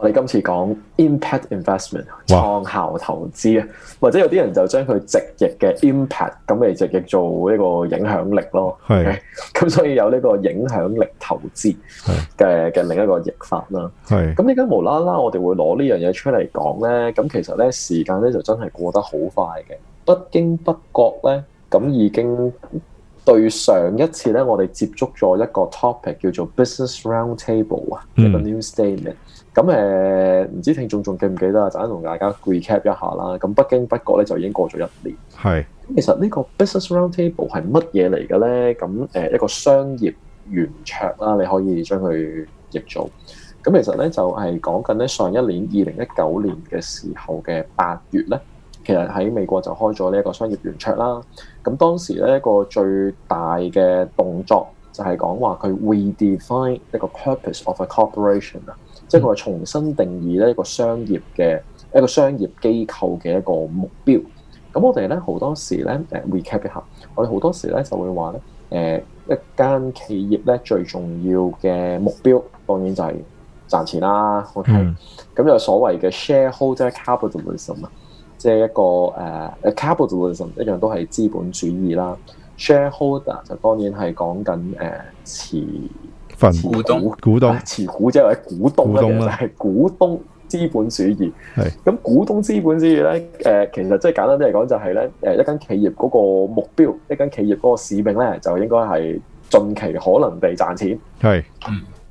我哋今次講 impact investment，創效投資啊，或者有啲人就將佢直譯嘅 impact 咁嚟直譯做一個影響力咯。係，咁所以有呢個影響力投資嘅嘅另一個譯法啦。係，咁點解無啦啦我哋會攞呢樣嘢出嚟講咧？咁其實咧時間咧就真係過得好快嘅，不經不覺咧咁已經對上一次咧我哋接觸咗一個 topic 叫做 business round table 啊，一個 new statement。咁誒，唔、嗯、知聽眾仲記唔記得啊？陣間同大家 recap 一下啦。咁不經不覺咧，就已經過咗一年。係是。咁其實呢個 business round table 係乜嘢嚟嘅咧？咁誒、呃、一個商業圓桌啦，你可以將佢譯做。咁其實咧，就係、是、講緊咧，上一年二零一九年嘅時候嘅八月咧，其實喺美國就開咗呢一個商業圓桌啦。咁當時咧一個最大嘅動作就係講話佢 redefine 一個 purpose of a corporation 啊。即係佢話重新定義咧一個商業嘅一個商業機構嘅一個目標。咁我哋咧好多時咧誒 recap 一下，我哋好多時咧就會話咧誒一間企業咧最重要嘅目標，當然就係賺錢啦。OK，嗯。咁就所謂嘅 shareholder capitalism 啊，即係一個誒、uh, capitalism 一樣都係資本主義啦。shareholder 就當然係講緊誒持。股東，股東、啊、持股者或者股東股東資本主義。係咁是，股東資本主義咧，誒，其實即係簡單啲嚟講，就係咧，誒，一間企業嗰個目標，一間企業嗰個使命咧，就應該係盡其可能地賺錢。係是，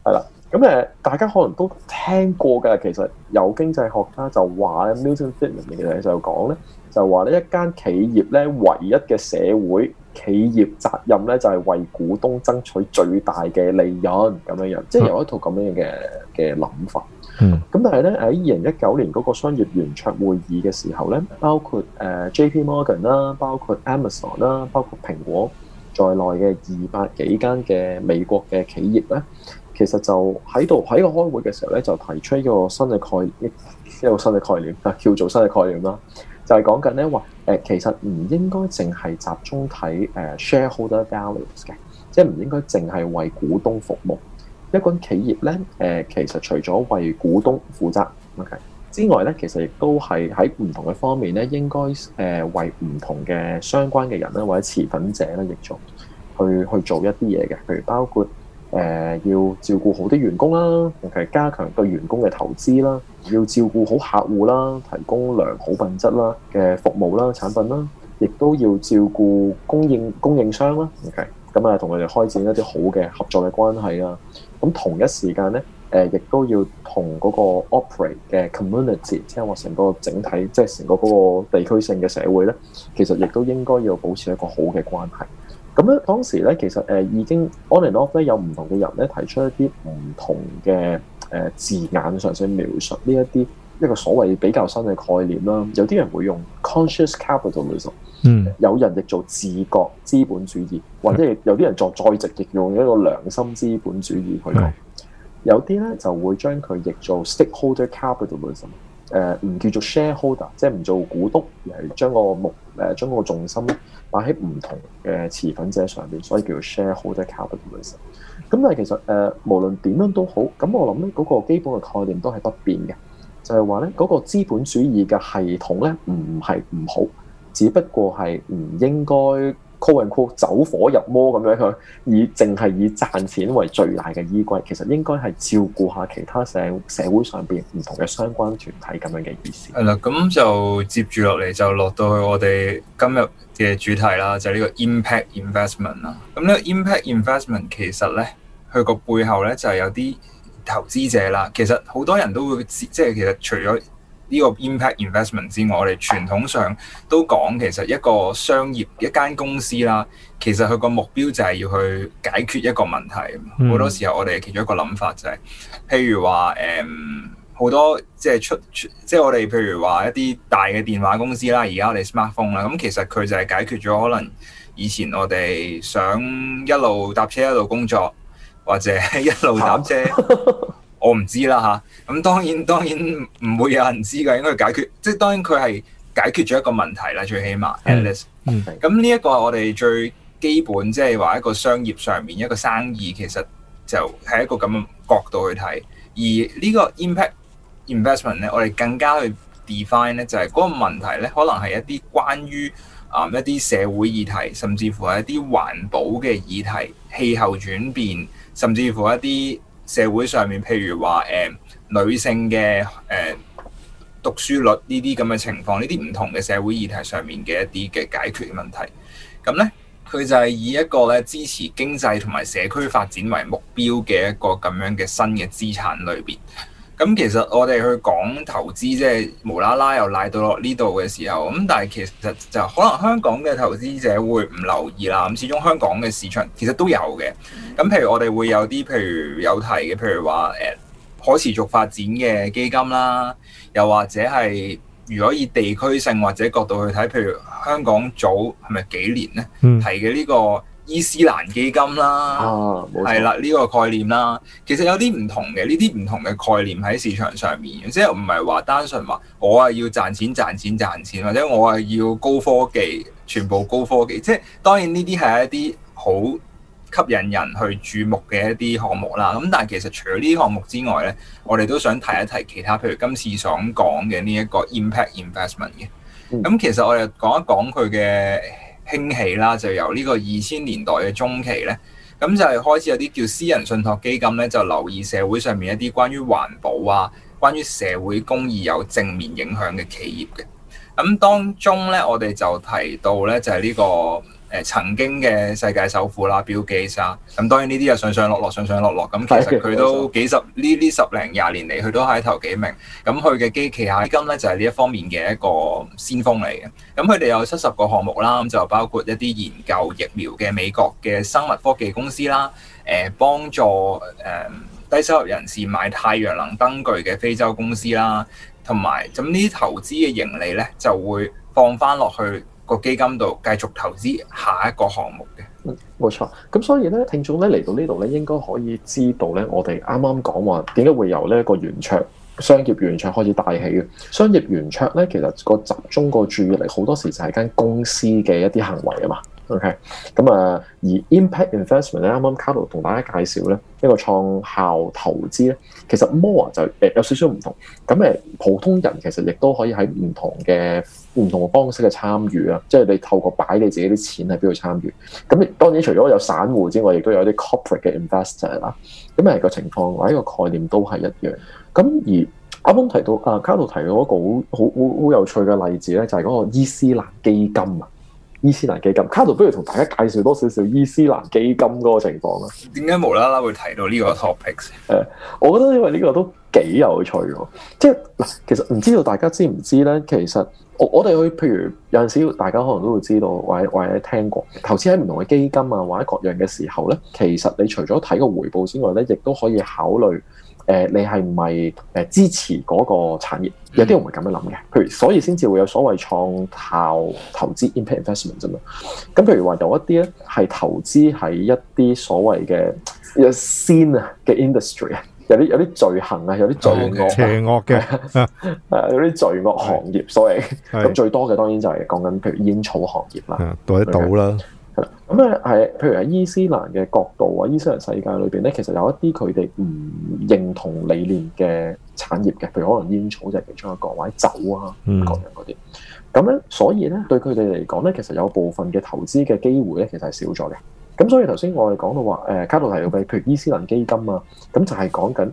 係啦。咁誒，大家可能都聽過㗎喇。其實有經濟學家就話咧 Milton Friedman 嘅就講咧，就話咧，一間企業咧，唯一嘅社會企業責任咧就係、是、為股東爭取最大嘅利潤咁樣樣，即係有一套咁樣樣嘅嘅諗法。嗯，咁但係咧，喺二零一九年嗰個商業圓桌會議嘅時候咧，包括誒、呃、JP Morgan 啦，包括 Amazon 啦，包括蘋果在內嘅二百幾間嘅美國嘅企業咧，其實就喺度喺個開會嘅時候咧，就提出一個新嘅概念，一個新嘅概念啊，叫做新嘅概念啦。就係講緊咧話，誒其實唔應該淨係集中睇誒 shareholder values 嘅，即係唔應該淨係為股東服務。一間企業咧，誒其實除咗為股東負責，OK 之外咧，其實亦都係喺唔同嘅方面咧，應該誒為唔同嘅相關嘅人咧，或者持份者咧，亦做去去做一啲嘢嘅，譬如包括。誒要照顧好啲員工啦，尤其係加強對員工嘅投資啦；要照顧好客戶啦，提供良好品質啦嘅服務啦、產品啦，亦都要照顧供應供應商啦。OK，咁啊，同佢哋開展一啲好嘅合作嘅關係啦。咁同一時間咧，誒亦都要同嗰個 operate 嘅 community，即係我成個整體，即係成個嗰個地區性嘅社會咧，其實亦都應該要保持一個好嘅關係。咁咧，當時咧，其實誒、呃、已經 on and off 咧，有唔同嘅人咧提出一啲唔同嘅誒、呃、字眼上，上說描述呢一啲一個所謂比較新嘅概念啦。嗯、有啲人會用 conscious capitalism，嗯，有人亦做自覺資本主義，或者有啲人作「再直，亦用一個良心資本主義去講。嗯、有啲咧就會將佢譯做 stakeholder capitalism 誒唔、呃、叫做 shareholder，即係唔做股督而係，呃，將個目誒將個重心擺喺唔同嘅持份者上邊，所以叫做 shareholder capitalism，咁但係其實誒、呃、無論點樣都好，咁我諗咧嗰個基本嘅概念都係不變嘅，就係話咧嗰個資本主義嘅系統咧唔係唔好，只不過係唔應該。酷韻酷走火入魔咁樣，去，以淨係以賺錢為最大嘅依歸，其實應該係照顧下其他社社會上邊唔同嘅相關團體咁樣嘅意思。係啦，咁就接住落嚟就落到去我哋今日嘅主題啦，就係、是、呢個 impact investment 啦。咁呢個 impact investment 其實咧，佢個背後咧就係、是、有啲投資者啦。其實好多人都會即係其實除咗呢個 impact investment 之外，我哋傳統上都講，其實一個商業一間公司啦，其實佢個目標就係要去解決一個問題。好多時候我哋其中一個諗法就係，譬如話誒，好多即係出即係我哋譬如話一啲大嘅電話公司啦，而家我哋 smartphone 啦，咁其實佢就係解決咗可能以前我哋想一路搭車一路工作，或者一路搭車。 我唔知啦吓，咁、啊、當然當然唔會有人知㗎，應該解決，即係當然佢係解決咗一個問題啦，最起碼。嗯。咁呢一個我哋最基本即係話一個商業上面一個生意，其實就係一個咁嘅角度去睇。而個呢個 impact investment 咧，我哋更加去 define 咧，就係、是、嗰個問題咧，可能係一啲關於啊、嗯、一啲社會議題，甚至乎係一啲環保嘅議題、氣候轉變，甚至乎一啲。社會上面，譬如話誒、呃、女性嘅誒、呃、讀書率呢啲咁嘅情況，呢啲唔同嘅社會議題上面嘅一啲嘅解決問題，咁呢佢就係以一個咧支持經濟同埋社區發展為目標嘅一個咁樣嘅新嘅資產類別。咁其實我哋去講投資，即係無啦啦又賴到落呢度嘅時候，咁但係其實就可能香港嘅投資者會唔留意啦。咁始終香港嘅市場其實都有嘅。咁譬如我哋會有啲，譬如有提嘅，譬如話誒、欸、可持續發展嘅基金啦，又或者係如果以地區性或者角度去睇，譬如香港早係咪幾年咧？嗯、提嘅呢、呢個。伊斯蘭基金啦，係啦，呢個概念啦，其實有啲唔同嘅呢啲唔同嘅概念喺市場上面，即係唔係話單純話我啊要賺錢賺錢賺錢，或者我係要高科技，全部高科技，即係當然呢啲係一啲好吸引人去注目嘅一啲項目啦。咁但係其實除咗呢啲項目之外呢，我哋都想提一提其他，譬如今次想講嘅呢一個 impact investment 嘅。咁、嗯、其實我哋講一講佢嘅。興起啦，就由呢個二千年代嘅中期呢，咁就係開始有啲叫私人信託基金呢，就留意社會上面一啲關於環保啊、關於社會公義有正面影響嘅企業嘅。咁當中呢，我哋就提到呢，就係呢個。曾經嘅世界首富啦 Bill Gates 啊。咁當然呢啲又上上落落，上上落落，咁其實佢都幾十呢呢十零廿年嚟，佢都喺頭幾名。咁佢嘅基旗下基金咧就係、是、呢一方面嘅一個先鋒嚟嘅。咁佢哋有七十個項目啦，咁就包括一啲研究疫苗嘅美國嘅生物科技公司啦，誒、呃、幫助誒、呃、低收入人士買太陽能燈具嘅非洲公司啦，同埋咁呢啲投資嘅盈利咧就會放翻落去。個基金度繼續投資下一個項目嘅、嗯，冇錯。咁所以咧，聽眾咧嚟到呢度咧，應該可以知道咧，我哋啱啱講話點解會由呢一個原則商業原則開始帶起嘅。商業原則咧，其實個集中個注意力好多時就係間公司嘅一啲行為啊嘛。OK，咁啊，而 impact investment 咧，啱啱卡度同大家介紹咧，一個創效投資咧，其實 more 就誒有少少唔同。咁誒，普通人其實亦都可以喺唔同嘅唔同嘅方式嘅參與啊，即係你透過擺你自己啲錢喺邊度參與。咁當然除咗有散戶之外，亦都有啲 corporate 嘅 investor 啦。咁誒個情況或者個概念都係一樣。咁而啱啱提到啊，卡度提到一個好好好好有趣嘅例子咧，就係、是、嗰個伊斯蘭基金啊。伊斯蘭基金，卡度不如同大家介紹多少少伊斯蘭基金嗰個情況啦。點解無啦啦會提到呢個 topic？誒、嗯，我覺得因為呢個都幾有趣嘅，即係嗱，其實唔知道大家知唔知咧？其實我我哋去，譬如有陣時，大家可能都會知道，或者或者聽過，投資喺唔同嘅基金啊，或者各樣嘅時候咧，其實你除咗睇個回報之外咧，亦都可以考慮。誒，你係咪誒支持嗰個產業？嗯、有啲人唔係咁樣諗嘅，譬如所以先至會有所謂創效投資 impact investment 啫嘛。咁譬如話有一啲咧係投資喺一啲所謂嘅一先啊嘅 industry 啊，有啲有啲罪行啊，有啲罪惡，嗯、邪惡嘅，啊、 有啲罪惡行業。是所以咁是 最多嘅當然就係講緊譬如煙草行業啦，讀得到啦。咁咧，係譬如喺伊斯蘭嘅角度啊，伊斯蘭世界裏邊咧，其實有一啲佢哋唔認同理念嘅產業嘅，譬如可能煙草就係其中一個，或者酒啊各樣嗰啲。咁咧、嗯，啊、所以咧，對佢哋嚟講咧，其實有部分嘅投資嘅機會咧，其實係少咗嘅。咁所以頭先我哋講到話，誒，卡塔爾嘅譬如伊斯蘭基金啊，咁就係講緊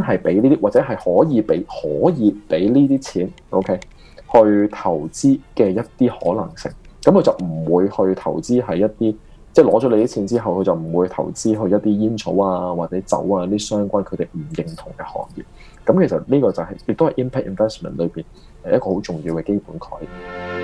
專係俾呢啲或者係可以俾可以俾呢啲錢，OK，去投資嘅一啲可能性。咁佢就唔會去投資係一啲，即係攞咗你啲錢之後，佢就唔會投資去一啲煙草啊或者酒啊啲相關佢哋唔認同嘅行業。咁其實呢個就係、是、亦都係 Impact Investment 裏邊誒一個好重要嘅基本概念。